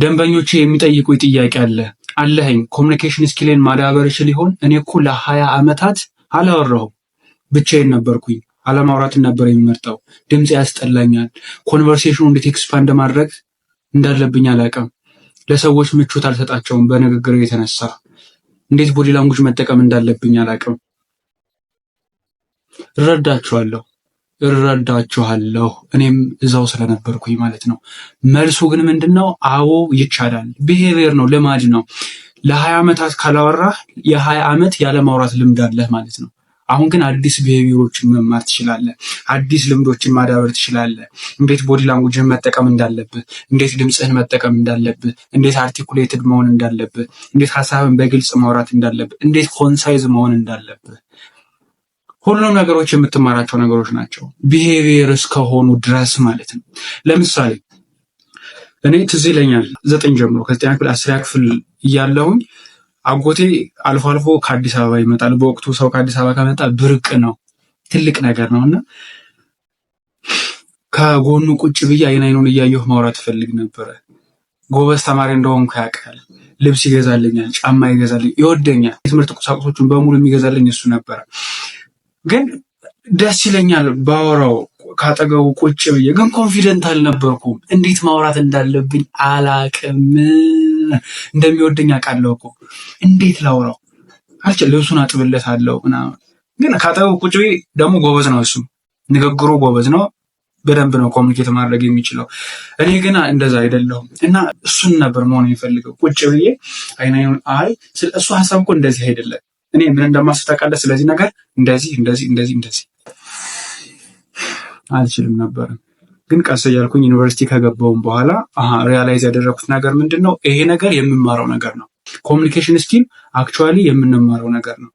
ደንበኞቼ የሚጠይቁኝ ጥያቄ አለ። አለኸኝ ኮሚኒኬሽን ስኪሌን ማዳበር እችል ይሆን? እኔ እኮ ለሀያ ዓመታት አላወራሁም፣ ብቻዬን ነበርኩኝ። አለማውራትን ነበር የሚመርጠው። ድምፅ ያስጠላኛል። ኮንቨርሴሽኑ እንዴት ኤክስፓንድ ማድረግ እንዳለብኝ አላውቅም። ለሰዎች ምቾት አልሰጣቸውም። በንግግር የተነሳ እንዴት ቦዲ ላንጉጅ መጠቀም እንዳለብኝ አላውቅም። እረዳችኋለሁ እረዳችኋለሁ እኔም እዛው ስለነበርኩኝ ማለት ነው። መልሱ ግን ምንድን ነው? አዎ ይቻላል። ብሄቪየር ነው፣ ልማድ ነው። ለሀያ ዓመታት ካላወራ የሀያ ዓመት ያለማውራት ልምድ አለህ ማለት ነው። አሁን ግን አዲስ ብሄቪየሮችን መማር ትችላለህ። አዲስ ልምዶችን ማዳበር ትችላለህ። እንዴት ቦዲ ላንጉጅን መጠቀም እንዳለብህ፣ እንዴት ድምፅህን መጠቀም እንዳለብህ፣ እንዴት አርቲኩሌትድ መሆን እንዳለብህ፣ እንዴት ሀሳብን በግልጽ ማውራት እንዳለብህ፣ እንዴት ኮንሳይዝ መሆን እንዳለብህ ሁሉም ነገሮች የምትማራቸው ነገሮች ናቸው፣ ቢሄቪየር እስከሆኑ ድረስ ማለት ነው። ለምሳሌ እኔ ትዝ ይለኛል ዘጠኝ ጀምሮ ከዘጠኛ ክፍል አስሪያ ክፍል እያለሁኝ አጎቴ አልፎ አልፎ ከአዲስ አበባ ይመጣል። በወቅቱ ሰው ከአዲስ አበባ ከመጣ ብርቅ ነው፣ ትልቅ ነገር ነው እና ከጎኑ ቁጭ ብዬ አይን አይኑን እያየሁ ማውራት ፈልግ ነበረ። ጎበዝ ተማሪ እንደሆንኩ ያውቃል። ልብስ ይገዛልኛል፣ ጫማ ይገዛልኝ፣ ይወደኛል። የትምህርት ቁሳቁሶቹን በሙሉ የሚገዛልኝ እሱ ነበረ። ግን ደስ ይለኛል ባወራው ካጠገቡ ቁጭ ብዬ ግን ኮንፊደንት አልነበርኩም። እንዴት ማውራት እንዳለብኝ አላቅም። እንደሚወደኝ አውቃለሁ እኮ እንዴት ላውራው አልችል። ልብሱን አለው ምናምን፣ ግን ካጠገቡ ቁጭ ብዬ ደግሞ ጎበዝ ነው እሱ፣ ንግግሩ ጎበዝ ነው። በደንብ ነው ኮሚኒኬት ማድረግ የሚችለው። እኔ ግን እንደዛ አይደለሁም እና እሱን ነበር መሆን የሚፈልገው ቁጭ ብዬ አይናዩን አይ፣ ስለ እሱ ሀሳብ እኮ እንደዚህ አይደለም እኔ ምን እንደማስብ ታውቃለህ? ስለዚህ ነገር እንደዚህ እንደዚህ እንደዚህ እንደዚህ አልችልም ነበር። ግን ቀስ እያልኩኝ ዩኒቨርሲቲ ከገባውም በኋላ ሪያላይዝ ያደረኩት ነገር ምንድን ነው? ይሄ ነገር የምማረው ነገር ነው። ኮሚኒኬሽን ስኪል አክቹዋሊ የምንማረው ነገር ነው።